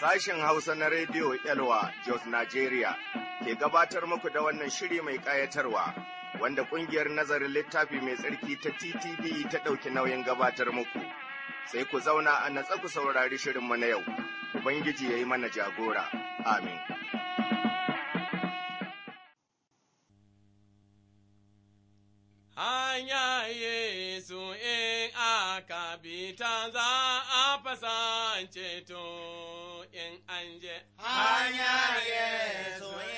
Sashen Hausa na Rediyo Elwa Jos Nigeria ke gabatar muku da wannan shiri mai ƙayatarwa wanda ƙungiyar nazarin littafi mai tsarki ta TTD ta ɗauki nauyin gabatar muku. Sai ku zauna a natsa ku saurari shirinmu na yau, Ubangiji ya yi mana jagora. Amin. hanya Yesu in aka bi za a fasance to. ခြင်းဟာညာရဲ့ဆိုရင်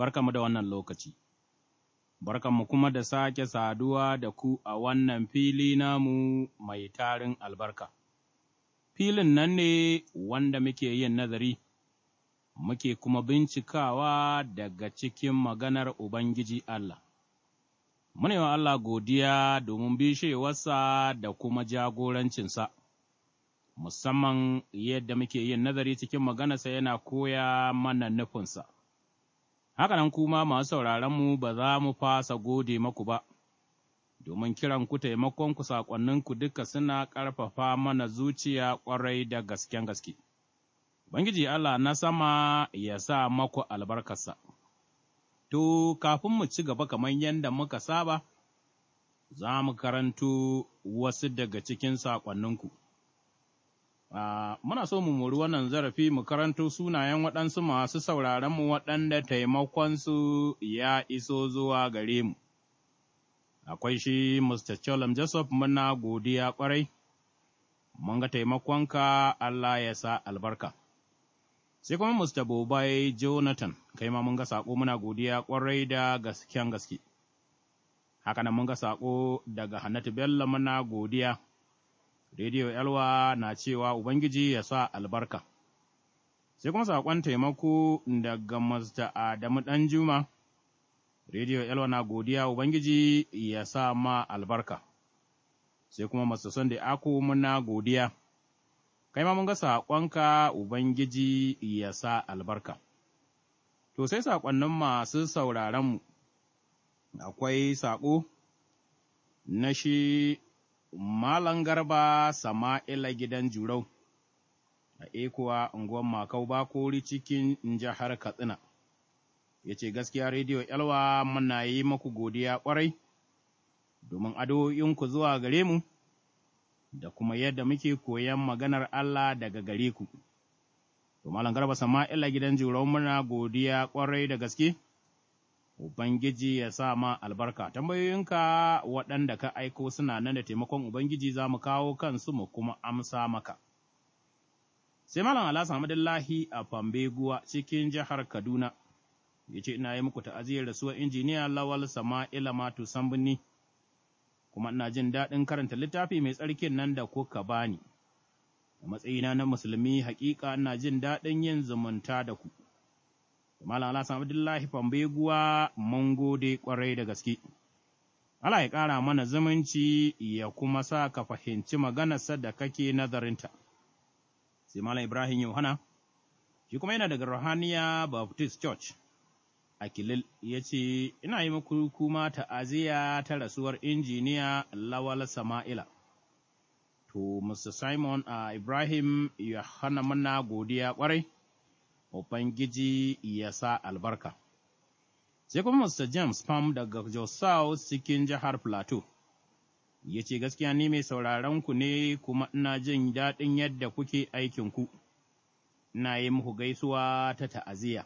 barkamu da wannan lokaci, barkamu kuma da sake saduwa da ku a wannan fili namu mai tarin albarka. Filin nan ne wanda muke yin nazari, muke kuma bincikawa daga cikin maganar Ubangiji Allah. Mune wa Allah godiya domin bishewarsa da kuma jagorancinsa. musamman yadda muke yin nazari cikin maganarsa yana koya mana nufinsa. Hakanan kuma masu mu ba za mu fasa gode maku ba, domin kiran ku taimakon taimakonku saƙonninku duka suna ƙarfafa mana zuciya ƙwarai da gasken gaske. Bangiji Allah na sama ya sa maku albarkarsa. To, kafin mu ci gaba kamar yadda muka saba, za mu karanto wasu daga cikin saƙonninku. Ah, muna so mu mori wannan zarafi mu karanto sunayen waɗansu masu sauraron mu waɗanda taimakonsu ya iso zuwa gare mu. Akwai shi Mr. Cholam Joseph muna godiya ƙwarai, mun ga taimakonka Allah ya sa albarka. Sai kuma Mr. Bobai Jonathan, kai ma mun ga saƙo muna godiya ƙwarai da gasken gaske. Haka nan mun ga saƙo daga Hannatu Bello muna godiya. Rediyo Elwa na cewa Ubangiji ya sa albarka. Sai kuma saƙon taimako daga Mazda Adamu Juma, Rediyo Elwa na godiya Ubangiji ya sa ma albarka. Sai kuma Mr. Sunday Ako muna godiya, kai ma mun ga saƙonka Ubangiji ya sa albarka. To sai saƙonnin masu mu akwai saƙo na shi Malam Garba Sama'ila gidan Jurau, a ekuwa unguwan Makau kori cikin jihar Katsina, ya ce gaskiya rediyo Yalwa muna yi maku godiya ƙwarai, domin addu'o'inku zuwa gare mu, da kuma yadda muke koyan maganar Allah daga gare ku. To, Malam Garba Sama'ila gidan Jurau muna godiya ƙwarai da gaske. Ubangiji ya sa ma albarka, tambayoyinka waɗanda ka aiko suna nan da taimakon Ubangiji za mu kawo kansu mu kuma amsa maka. Sai Malam Alhassan Abdullahi a Fambeguwa cikin jihar Kaduna, ya ce ina yi muku ta'aziyar rasuwar injiniya Lawal Sama'ila Matu Sambunni, kuma ina jin daɗin karanta littafi mai tsarkin nan da kuka bani. A matsayina na musulmi, haƙiƙa ina jin daɗin yin zumunta da ku. Malam Alhassan Abdullahi Fambeguwa mun gode ƙwarai da gaske. Allah ya ƙara mana zumunci ya kuma sa ka fahimci maganarsa da kake nazarinta. Sai Malam Ibrahim Yohana, shi kuma yana daga Rohaniya Baptist Church a Kilil, ya ce, Ina yi muku kuma ta'aziyya ta rasuwar injiniya Lawal Sama'ila. To, Mr. Simon uh, Ibrahim Yohana mana godiya kwarai. Ubangiji ya sa albarka. Sai kuma Mr. James Pam daga Josau cikin jihar Plateau, ya ce gaskiya ni mai sauraron ku ne kuma ina jin daɗin yadda kuke aikinku, ina yi muku gaisuwa ta ta'aziyya.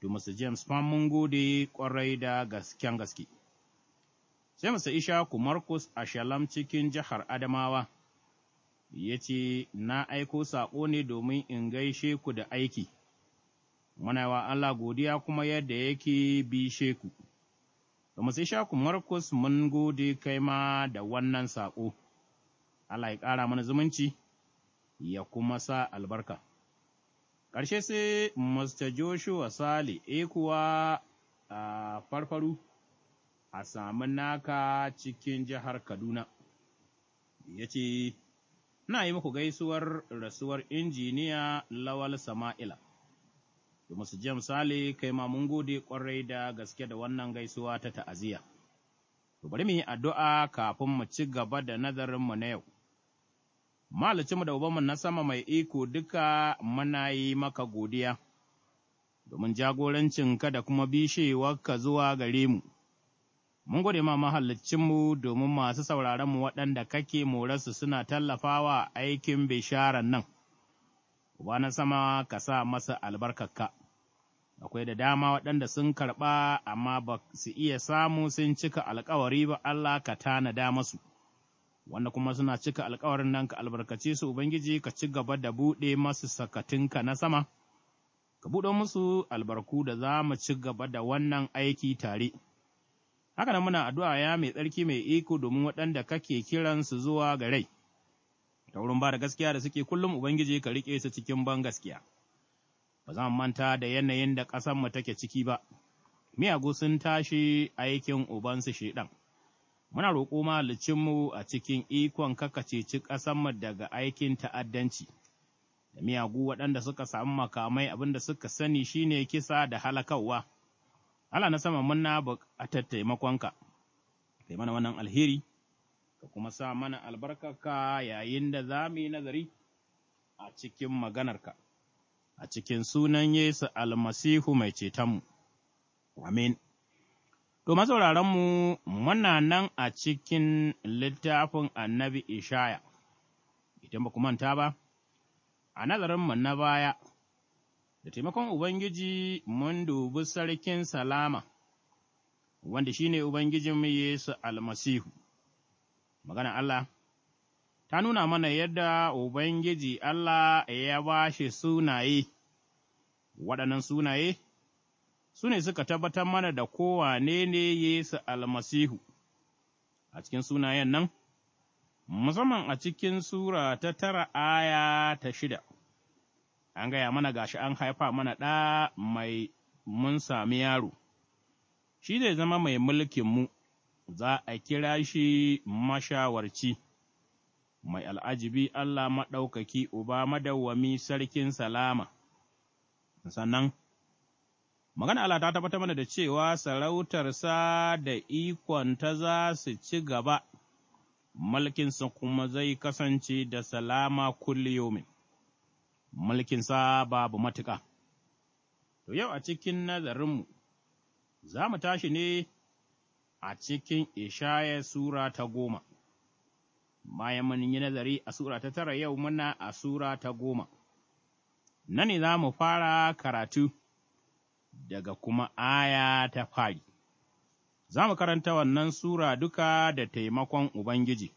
To Mr. James Pam mun gode kwarai da gasken gaske. Sai Mr. Isha Marcus a Shalam cikin jihar Adamawa. ya ce, Na aiko saƙo ne domin in gaishe ku da aiki, muna wa Allah godiya kuma yadda yake bishe ku. Domin sai ku Markus mun gode kai ma da wannan saƙo, Allah ya ƙara mana zumunci, ya kuma sa albarka. Ƙarshe sai Mr. Joshua Sale, e kuwa a farfaru, a sami naka cikin jihar Kaduna, ya ce, Na yi muku gaisuwar rasuwar injiniya Lawal Sama'ila. Musu Jam Sale kai ma mun gode ƙwarai da gaske da wannan gaisuwa ta ta'aziyya. To bari mu yi addu'a kafin mu ci gaba da nazarin mu na yau. Malicinmu da ubanmu na sama mai iko duka muna yi maka godiya, domin jagorancinka da kuma bishewarka zuwa gare mu. Mun gode ma mahallicinmu domin masu sauraronmu waɗanda kake su suna tallafawa aikin bisharan nan, Uba na sama ka sa masa albarkakka, akwai da dama waɗanda sun karɓa amma ba su iya samu sun cika alkawari ba Allah ka tanada masu, wanda kuma suna cika alkawarin nan ka albarkace su Ubangiji ka ci gaba da buɗe masu sakatinka na sama, ka buɗe musu albarku da za mu ci gaba da wannan aiki tare. haka nan muna addu'a ya mai tsarki mai iko domin waɗanda kake kiran su zuwa ga rai, ta wurin ba da gaskiya da suke kullum Ubangiji ka riƙe su cikin ban gaskiya. Ba za manta da yanayin da ƙasanmu take ciki ba, miyagu sun tashi aikin ubansu shiɗan. Muna roƙo mu a cikin ikon kakaceci ƙasanmu daga aikin ta'addanci, da miyagu waɗanda suka samu makamai abin da suka sani shine kisa da halakawa. Allah na sama muna buƙatar taimakonka, kai mana wannan alheri, ka kuma sa mana albarkaka yayin da za mu yi nazari a cikin maganarka, a cikin sunan Yesu almasihu mai cetonmu. Amin. To, masauraranmu, muna nan a cikin littafin annabi Ishaya, idan ba ku manta ba, a nazarinmu na baya. da taimakon Ubangiji mun dubi sarkin salama, wanda shi ne Ubangijinmu Yesu almasihu. Magana Allah ta nuna mana yadda Ubangiji Allah ya ba shi sunaye, waɗannan sunaye, su ne suka tabbatar mana da kowane ne Yesu almasihu. A cikin sunayen nan, musamman a cikin Sura ta tara aya ta shida. an gaya mana gashi an haifa mana ɗa mai mun sami yaro, shi zai zama mai mulkinmu, za a kira shi mashawarci, mai al'ajibi Allah maɗaukaki uba madawwami sarkin salama. Sannan, magana Allah ta tabbatar mana da cewa sarautarsa da ikonta za su ci gaba, mulkinsa kuma zai kasance da salama yomin. mulkinsa babu matuƙa. To yau a cikin nazarinmu, za mu tashi ne a cikin Ishaya Sura ta goma, bayan mun yi nazari a Sura ta tara yau muna a Sura ta goma. Na ne za mu fara karatu daga kuma aya ta fari. Za mu karanta wannan Sura duka da taimakon Ubangiji.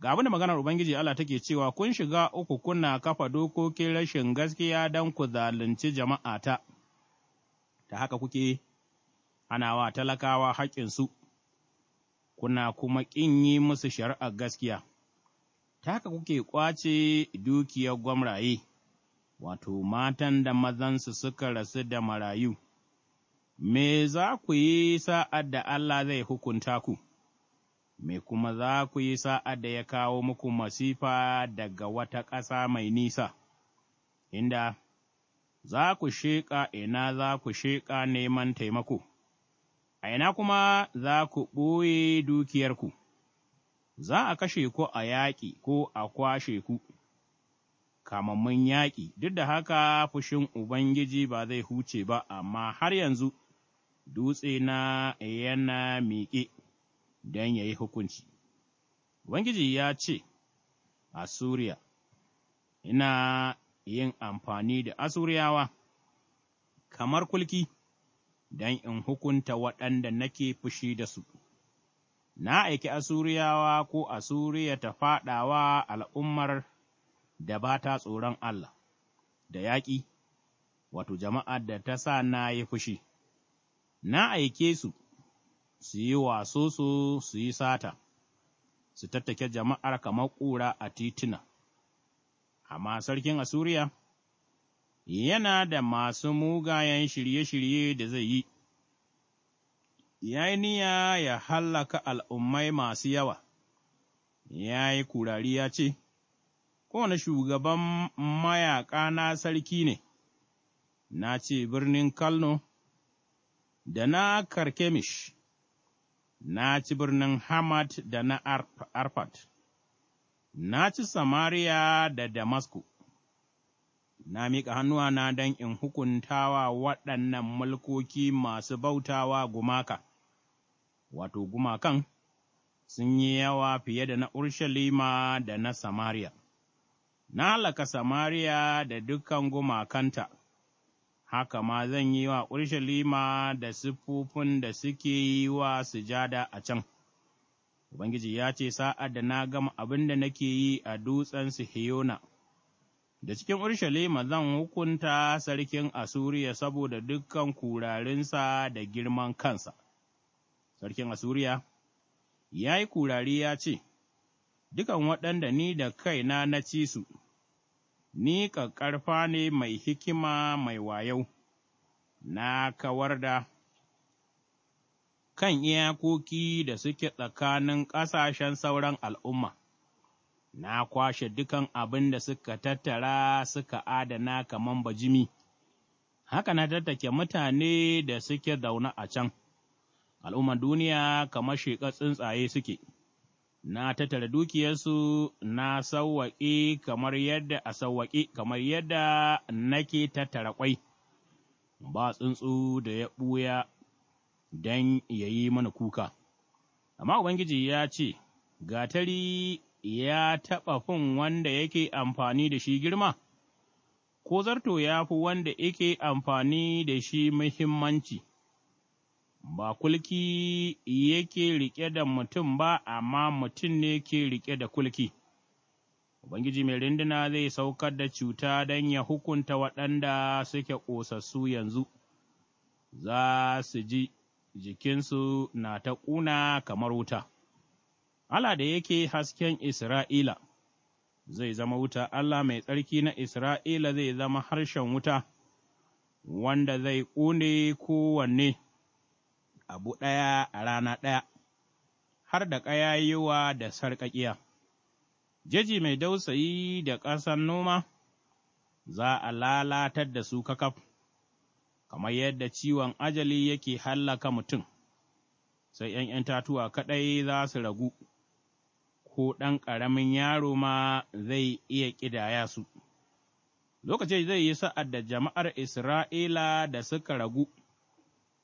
Ga abin da maganar Ubangiji Allah take cewa kun shiga uku kuna kafa dokokin rashin gaskiya don ku zalunci jama'a ta, ta haka kuke wa talakawa haƙƙinsu, kuna kuma ƙin yi musu shari'ar gaskiya, ta haka kuke ƙwace dukiyar gwamraye, wato matan da mazansu suka rasu da marayu, me za ku yi sa'ad da Allah zai hukunta ku? me kuma za ku yi sa'ad da ya kawo muku masifa daga wata ƙasa mai nisa, inda za ku sheƙa ina za ku sheƙa neman taimako, a ina kuma za ku ɓoye dukiyarku, za a kashe ku a yaƙi ko a kwashe ku, kamammun yaƙi, duk da haka fushin Ubangiji ba zai huce ba, amma har yanzu dutse na yana miƙe. don ya yi hukunci. Ubangiji ya ce, Asuriya, ina yin amfani da Asuriyawa kamar kulki don in hukunta waɗanda nake fushi da su. Na aiki Asuriyawa ko Asuriya ta faɗawa al'ummar da ba ta tsoron Allah, da yaƙi, wato jama'ar da ta sa na yi fushi. Na aike su su yi wasusu su yi sata, su tattake jama'ar kamar ƙura a tituna. Amma sarkin Asuriya yana da masu mugayen shirye-shirye da zai yi, ya yi niyya ya hallaka al'ummai masu yawa, ya yi kurari ya ce, Kowane shugaban mayaƙa na sarki ne, na ce birnin Kalno da na Karkemish. na ci birnin Hamad da na Arfat, na ci Samariya da Damasku, na miƙa hannuwana don in hukuntawa waɗannan mulkoki masu bautawa gumaka, wato gumakan sun yi yawa fiye da na Urshalima da na Samariya. Na halaka Samariya da dukan gumakanta. haka ma zan yi wa Urshalima da siffofin da suke yi wa sujada a can. Ubangiji ya ce, Sa'ad da na gama abin da nake yi a dutsen Sihiyona, da cikin Urshalima zan hukunta sarkin Asuriya saboda dukkan kurarinsa da girman kansa. Sarkin Asuriya ya yi kurari ya ce, Dukan waɗanda ni da kaina na ci su, ni ƙaƙƙarfa ne mai hikima mai wayau, na kawar da kan iyakoki da suke tsakanin ƙasashen sauran al'umma, na kwashe dukan abin da suka tattara suka adana kaman bajimi, haka na tattake mutane da suke zaune a can, Al'ummar duniya kamar sheƙa tsuntsaye suke. na tattara dukiyarsu na sauwaƙe kamar yadda a sauwaƙe kamar yadda nake tattara ƙwai, ba tsuntsu da ya ɓuya don ya yi mana kuka. Amma Ubangiji ya ce, Gatari ya taɓa fin wanda yake amfani da shi girma, ko zarto ya fi wanda yake amfani da shi muhimmanci. ba kulki yake riƙe da mutum ba, amma mutum ne ke riƙe da kulki. Ubangiji mai rinduna zai saukar da cuta don ya hukunta waɗanda suke ƙosassu yanzu, za su ji jikinsu na ta ƙuna kamar wuta. Allah da yake hasken Isra'ila, zai zama wuta, Allah mai tsarki na Isra'ila zai zama harshen wuta, wanda zai ƙune kowanne. abu ɗaya a rana ɗaya, har da ƙayayewa da sarƙaƙiya. Jeji mai dausayi da ƙasan noma, za a lalatar da su kakaf, kamar yadda ciwon ajali yake hallaka mutum, sai ’yan 'yan tatuwa kaɗai za su ragu, ko ɗan ƙaramin yaro ma zai iya ƙidaya su. Lokaci zai yi sa'ad da jama'ar Isra'ila da suka ragu.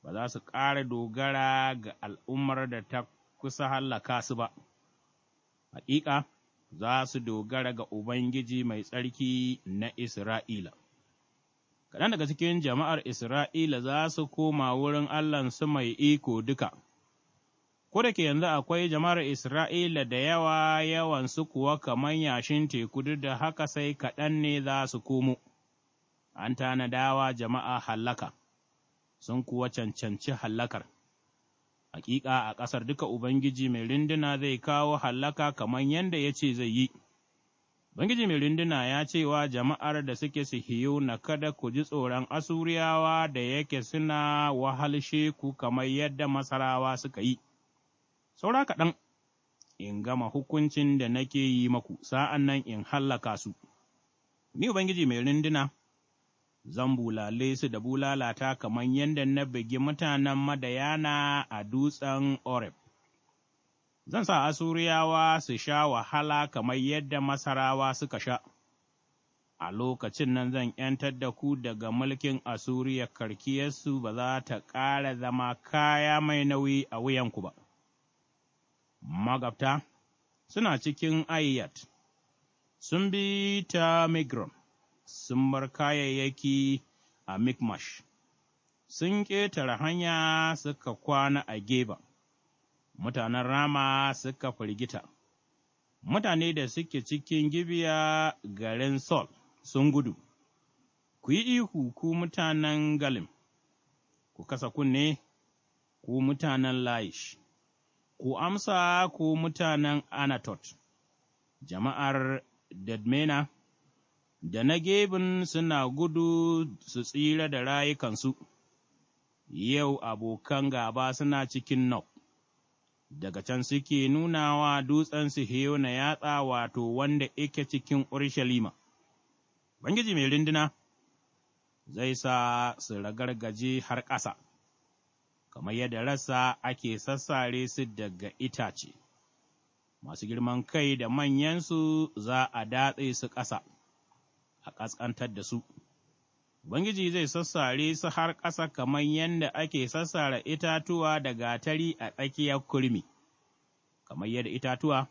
ba za su ƙara dogara ga al'ummar da ta kusa hallaka su ba, haƙiƙa za su dogara ga Ubangiji mai tsarki na Isra'ila. Kaɗan daga cikin jama'ar Isra'ila za su koma wurin su mai iko duka. Ko da ke yanzu akwai jama'ar Isra'ila da yawa yawan su kuwa kamar yashin teku duk da haka sai kaɗan ne za su komo, an tanadawa jama'a hallaka. sun kuwa cancanci hallakar. Hakika a ƙasar duka Ubangiji mai rinduna zai kawo hallaka kamar yadda ya ce zai yi. Ubangiji mai rinduna ya ce wa jama'ar da suke sihiyu na kada ku ji tsoron Asuriyawa da yake suna wahalshe ku kamar yadda Masarawa suka yi. Saura kaɗan, in gama hukuncin da nake yi maku, sa'an nan in hallaka su. Ni Ubangiji mai rinduna. zan bulale su da bulalata kamar yadda na bugi mutanen Madayana a dutsen Oreb. Zan sa Asuriyawa su sha wahala kamar yadda Masarawa suka sha, a lokacin nan zan ’yantar da ku daga mulkin Asuriya karkiyarsu ba za ta ƙara zama kaya mai nauyi a wuyanku ba. Magabta suna cikin ayyat, sun bi ta Migron. sun bar kayayyaki a Mikmash, sun ƙetare hanya suka kwana a Geba, mutanen Rama suka firgita, mutane da suke cikin Gibiya garin Sol sun gudu, ku yi ihu ku mutanen Galim, ku kasa kunne ku mutanen Laish, ku amsa ku mutanen Anatot, jama'ar Dadmena. da na gebin suna gudu su tsira da rayukansu, yau abokan gaba suna cikin nau, daga can suke nunawa dutsen Sihiyo na yatsa wato wanda ike cikin Urshalima. Bangiji mai rinduna zai sa su ragargaje har ƙasa, kamar yadda rasa ake sassare su daga itace, masu girman kai da manyansu za a datse su ƙasa. a ƙasƙantar da su. Ubangiji zai sassare su har ƙasa kamar yadda ake sassara itatuwa da gatari a tsakiyar kurmi, kamar yadda itatuwa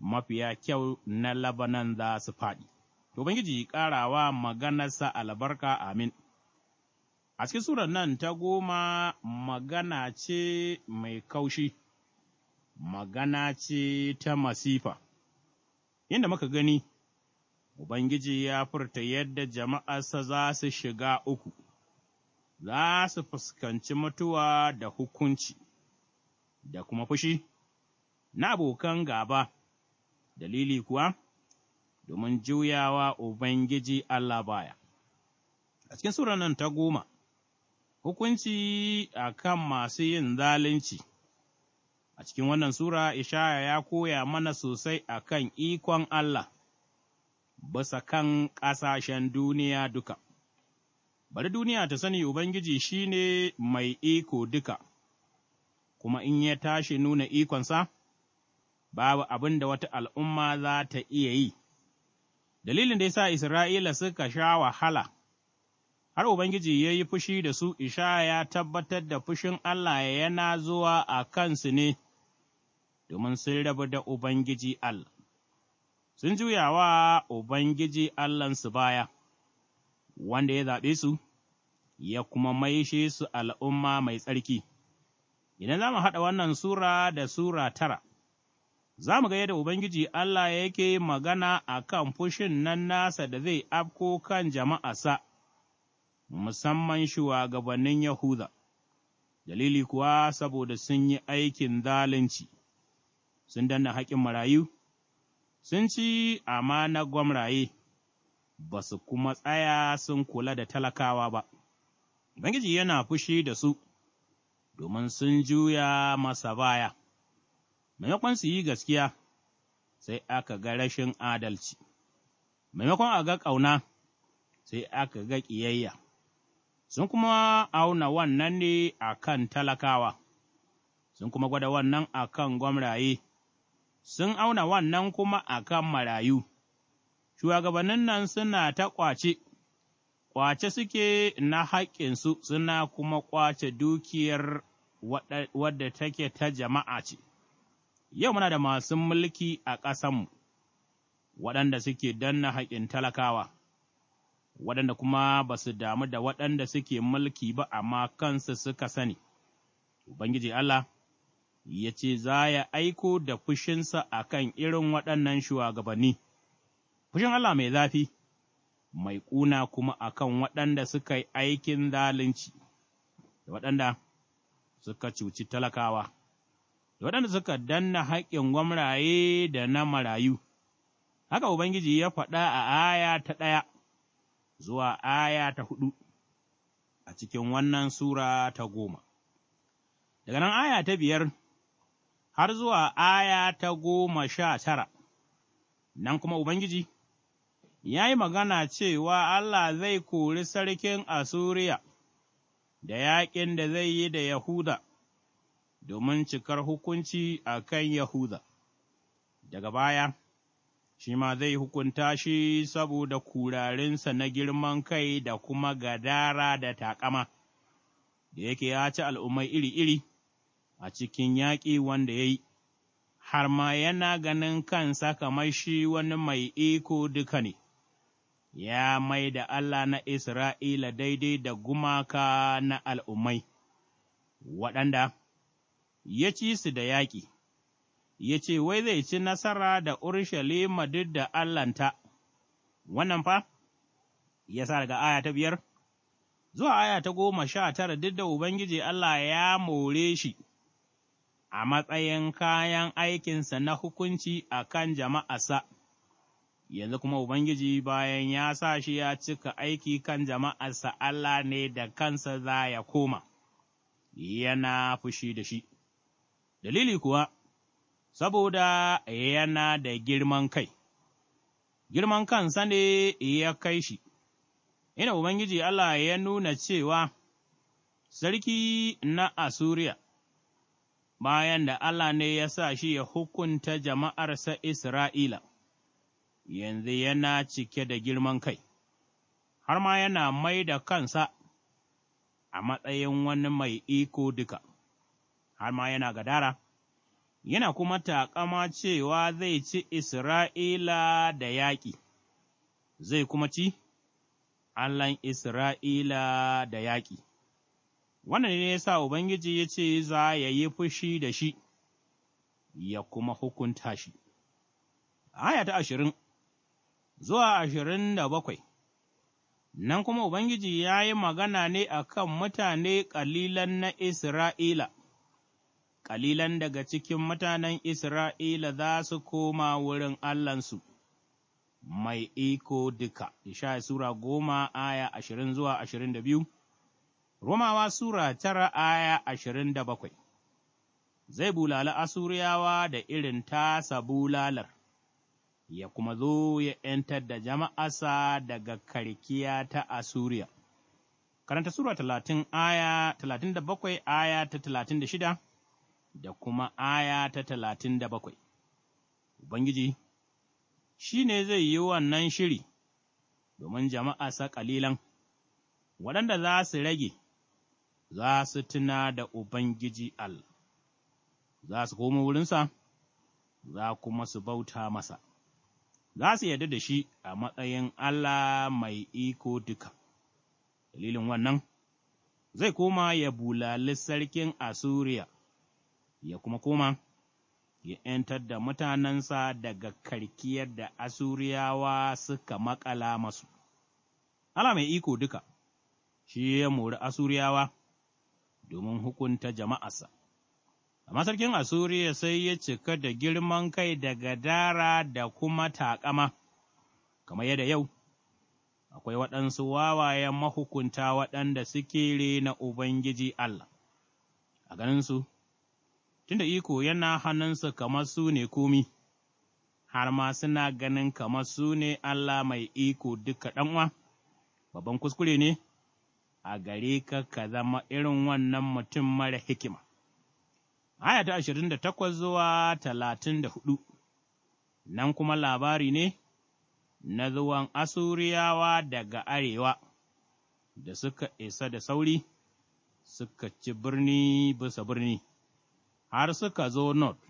mafiya kyau na Labanan za su faɗi. Ubangiji ƙarawa maganarsa albarka amin. A cikin surar nan ta goma magana ce mai kaushi, magana ce ta masifa, inda muka gani. Ubangiji ya furta yadda jama'arsa za su shiga uku, za su fuskanci mutuwa da hukunci, da kuma fushi, na abokan gaba, dalili kuwa, domin juyawa Ubangiji Allah baya. A cikin Sura nan ta goma, hukunci a kan masu yin zalunci. A cikin wannan Sura, Ishaya ya koya mana sosai a kan ikon Allah. bisa kan ƙasashen duniya duka. Bari duniya ta sani Ubangiji shi ne mai iko duka, kuma in ya tashi nuna ikonsa, babu abin da wata al'umma za ta iya yi. Dalilin da ya sa Isra'ila suka sha wahala, har Ubangiji ya yi fushi da su, Isha ya tabbatar da fushin Allah yana zuwa a kansu ne, domin sun rabu da Ubangiji Allah. sun juya wa Ubangiji Allahnsu baya, wanda ya zaɓe su, ya kuma maishe su al'umma mai tsarki. Idan za mu haɗa wannan Sura da Sura tara, za mu ga yadda Ubangiji Allah yake magana a kan fushin nan nasa da zai afko kan jama'asa, musamman shugabannin Yahuda, dalili kuwa saboda sun yi aikin zalunci, sun danna haƙin marayu. sun ci amanar gwamraye, ba su kuma tsaya sun kula da talakawa ba, Ubangiji yana fushi da su, domin sun juya masa baya, maimakon su yi gaskiya, sai aka ga rashin adalci, maimakon a ga ƙauna, sai aka ga ƙiyayya, sun kuma auna wannan ne a kan talakawa, sun kuma gwada wannan a kan gwamraye. sun auna wannan kuma a kan marayu, shugabannin nan suna ta ƙwace, ƙwace suke na haƙƙinsu suna kuma ƙwace dukiyar wadda take ta jama'a ce, yau muna da masu mulki a ƙasanmu, waɗanda suke danna haƙƙin talakawa. waɗanda kuma ba su damu da waɗanda suke mulki ba amma kansu suka sani, Ubangiji Allah, ya ce za ya aiko da fushinsa a kan irin waɗannan shugabanni, fushin Allah mai zafi, mai ƙuna kuma a kan waɗanda suka yi aikin zalunci, da waɗanda suka cuci talakawa, da waɗanda suka danna haƙƙin gwamraye da na marayu. Haka Ubangiji ya faɗa a aya ta ɗaya zuwa aya ta huɗu a cikin wannan Sura ta goma. Daga nan aya ta biyar har zuwa aya ta goma sha tara, nan kuma Ubangiji, ya yi magana cewa Allah zai kori sarkin Asuriya da yaƙin da zai yi da Yahuda, domin cikar hukunci a kan Yahuda, daga baya, shi ma zai hukunta shi saboda kurarinsa na girman kai da kuma gadara da taƙama, da yake ya ci al'ummai iri-iri. a cikin yaƙi wanda ya yi, har ma yana ganin kansa kamar shi wani mai iko duka ne, ya mai da Allah na Isra'ila daidai da gumaka na al'ummai, waɗanda ya ci su da yaƙi, ya ce wai zai ci nasara da Urushalima duk da Allahnta, wannan fa, ya sa daga aya ta biyar, zuwa aya ta goma sha tara duk da Ubangiji Allah ya more shi. a matsayin kayan aikinsa na hukunci a kan jama'asa, yanzu kuma Ubangiji bayan ya sa shi ya cika aiki kan jama'arsa Allah ne da kansa za ya koma, yana fushi da shi. Dalili kuwa, saboda yana da girman kai, girman kansa ne ya kai shi, ina Ubangiji Allah ya nuna cewa, Sarki na Asuriya. bayan da Allah ne ya sa shi ya hukunta jama'arsa Isra'ila, yanzu yana cike da girman kai, har ma yana mai da kansa a matsayin wani mai iko duka, har ma yana gadara, yana kuma taƙama cewa zai ci Isra'ila da yaƙi, zai kuma ci Allahn Isra'ila da yaƙi. wannan ne ya sa Ubangiji ya ce za ya yi fushi da shi, ya kuma hukunta shi. Aya ta ashirin zuwa ashirin da bakwai Nan kuma Ubangiji ya yi magana ne a kan mutane ƙalilan na Isra'ila, ƙalilan daga cikin mutanen Isra'ila za su koma wurin Allahnsu, mai iko duka, Ishaya Sura goma aya ashirin zuwa ashirin da biyu. Romawa Sura tara aya ashirin da bakwai Zai bulali Asuriyawa da irin tasa bulalar, ya kuma zo ya ’yantar da jama'asa daga karkiya ta Asuriya. Karanta Sura talatin aya talatin da bakwai aya ta talatin da shida da kuma aya ta talatin da bakwai. Ubangiji, shi ne zai yi wannan shiri domin jama'asa ƙalilan, waɗanda za su rage. za su tuna da Ubangiji Al, za su komo wurinsa, za kuma su bauta masa, za su yarda da shi a matsayin Allah mai iko duka. Dalilin wannan, zai koma ya bulali sarkin Asuriya, ya kuma koma ya ’yantar da mutanensa daga karkiyar da Asuriyawa suka makala masu. Allah mai iko duka, shi ya mori Asuriyawa. domin hukunta jama'arsa. Amma sarkin Asuriya sai ya cika da girman kai da dara da kuma taƙama, kamar yadda yau, akwai waɗansu wawayen mahukunta waɗanda suke rena Ubangiji Allah, a ganinsu, tunda iko yana hannunsa, kamar su ne komi, har ma suna ganin kamar su ne Allah mai iko duka ɗan'uwa, babban kuskure ne. a gare ka ka zama irin wannan mutum mara hikima. Aya ta ashirin da takwas zuwa talatin da hudu, nan kuma labari ne na zuwan Asuriyawa daga arewa da suka isa da sauri suka ci birni bisa birni, har suka zo North,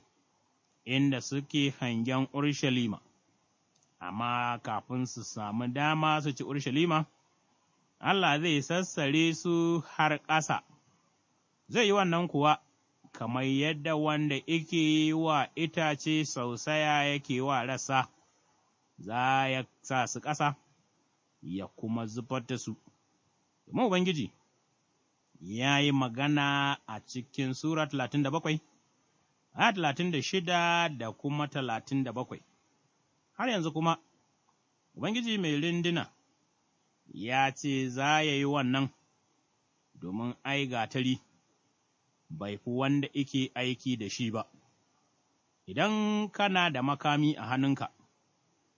inda suke hangen Urshalima, amma kafin su samu dama su ci Urshalima. Allah zai sassare su har ƙasa, zai yi wannan kuwa, kamar yadda wanda yake wa itace sausaya yake wa rasa, za ya sa su ƙasa, ya kuma zubar da su. Domin Ubangiji, ya yi magana a cikin Sura talatin da bakwai, a talatin da shida da kuma talatin da bakwai, har yanzu kuma, Ubangiji mai rindina. ya ce za ya yi wannan, domin ai gatari bai fi wanda ike aiki da shi ba. Idan kana da makami a hannunka,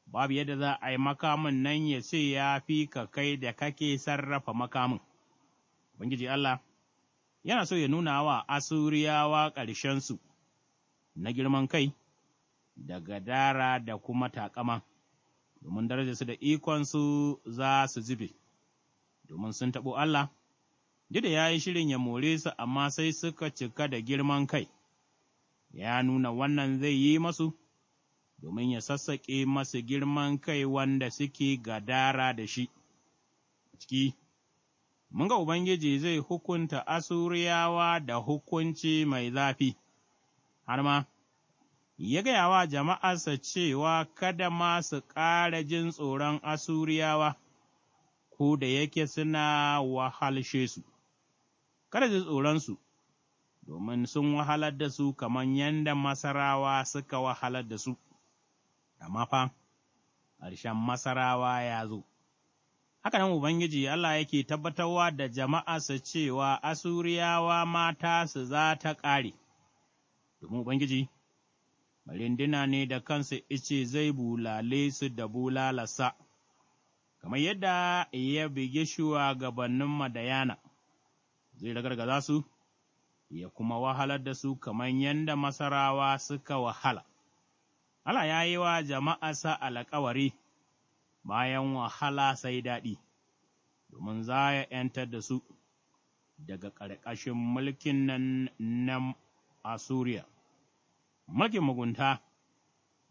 babu yadda za a yi makamin nan ya ce ya fi ka kai da kake sarrafa makamin. Bangiji Allah, yana so ya nuna wa Asuriyawa ƙarshensu na girman kai, da gadara da kuma taƙama. domin darajarsu da ikonsu za su zube, domin sun taɓo Allah, duk ya yi shirin ya more su amma sai suka cika da girman kai, ya nuna wannan zai yi masu, domin ya sassaƙe masu girman kai wanda suke gadara da shi. Ciki, mun ga Ubangiji zai hukunta Asuriyawa da hukunci mai zafi, har ma. ya gaya wa jama'arsa cewa kada ma su ƙara jin tsoron Asuriyawa, ko da yake suna wahalshe su, kada jin tsoronsu, domin sun wahalar da su kamar yadda Masarawa suka wahalar da su, amma fa, ƙarshen Masarawa ya zo. Haka nan Ubangiji Allah yake tabbatarwa da jama'arsa cewa Asuriyawa mata su za ta ƙare, domin Ubangiji. rinduna ne da kansa ice zai bulale su da bulalasa, kamar yadda ya bige shuwa gabanin Madayana, zai ragargaza su, ya kuma wahalar da su kamar yadda Masarawa suka wahala. Allah ya yi wa sa alkawari bayan wahala sai daɗi, domin za ya ’yantar da su daga ƙarƙashin mulkin nan na Asuriya. Mulkin mugunta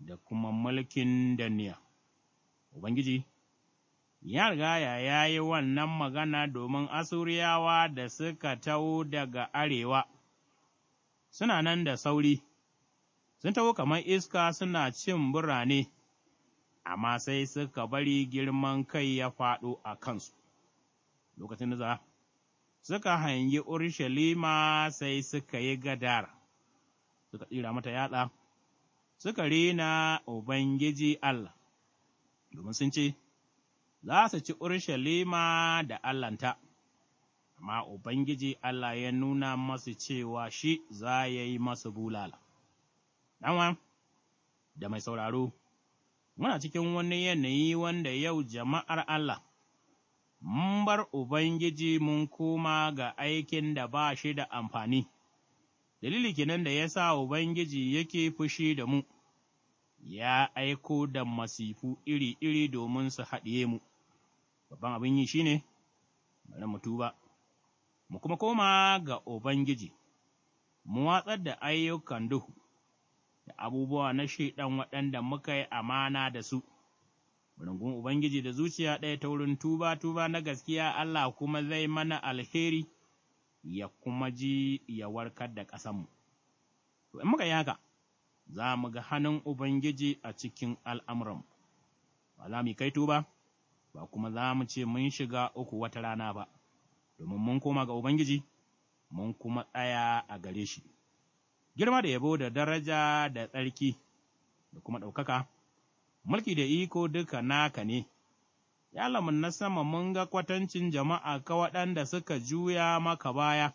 da kuma mulkin daniya. Ubangiji, ya riga ya yi wannan magana domin Asuriyawa da suka ta'u daga arewa, suna nan da sauri, sun taho kamar iska suna cin birane, amma sai suka bari girman kai ya faɗo a kansu. Lokacin da za, suka hangi Urushalima sai suka yi gadara. suka tsira mata yatsa, suka rena Ubangiji Allah, domin sun ce, Za su ci Urushalima da Allahnta, amma Ubangiji Allah ya nuna masu cewa shi za ya yi masu bulala. Ɗanwa, da mai sauraro, muna cikin wani yanayi wanda yau jama'ar Allah, mun bar Ubangiji mun koma ga aikin da ba shi da amfani. dalili kenan da ya sa Ubangiji yake fushi da mu, ya aiko da masifu iri-iri domin su haɗiye mu, babban abin yi shi ne, bari mu tuba, mu kuma koma ga Ubangiji, mu watsar da ayyukan duhu, da abubuwa na shaiɗan waɗanda muka yi amana da su. Rungun Ubangiji da zuciya ɗaya ta wurin tuba-tuba na gaskiya Allah kuma zai mana alheri. ya kuma ji ya warkar da ƙasanmu. To, in muka yi haka, za mu ga hannun Ubangiji a cikin al'amuran, ba za mu kai tuba, ba kuma za mu ce mun shiga uku wata rana ba, domin mun koma ga Ubangiji, mun kuma tsaya a gare shi. Girma da yabo da daraja da tsarki da kuma ɗaukaka, mulki da iko duka naka ne. ya na sama mun ga kwatancin jama'a ka waɗanda suka juya maka baya,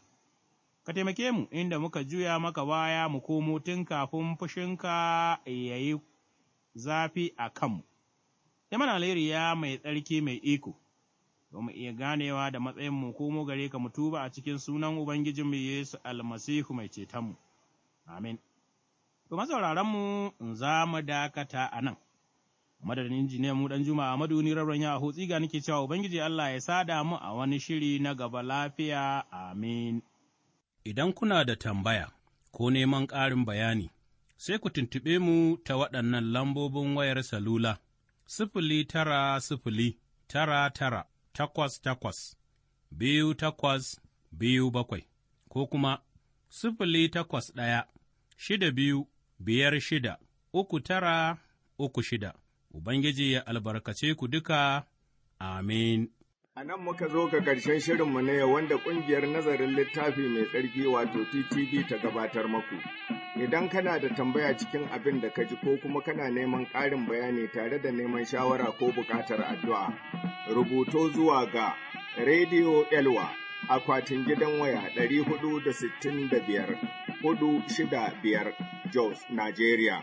ka taimake mu inda muka juya maka baya mu komo tun kafin fushinka ya yi zafi a kanmu. Yaman ya mai tsarki mai iko, mu iya ganewa da matsayin mu komo gare ka mu tuba a cikin sunan Ubangijin mu Yesu almasihu mai cetonmu. Amin. To, masauraranmu za mu dakata a nan. madadin injiniyan mu dan juma Ahmadu ni rabran ya ga nake cewa ubangiji Allah ya sada mu a wani shiri na gaba lafiya amin idan kuna da tambaya ko neman ƙarin bayani sai ku tuntuɓe mu ta waɗannan lambobin wayar salula sifili tara sifili tara tara takwas takwas biyu takwas biyu bakwai ko kuma sifili takwas ɗaya shida biyu biyar shida uku tara uku shida Ubangiji ya albarkace ku duka, amin. A nan muka zo ga ƙarshen shirinmu ne wanda ƙungiyar nazarin littafi mai tsarki wato TTV ta gabatar maku. Idan kana da tambaya cikin abin da ka ji ko kuma kana neman ƙarin bayani tare da neman shawara ko buƙatar addu'a, rubuto zuwa ga Radio Elwa akwatin gidan waya 465 biyar Jos, Nigeria.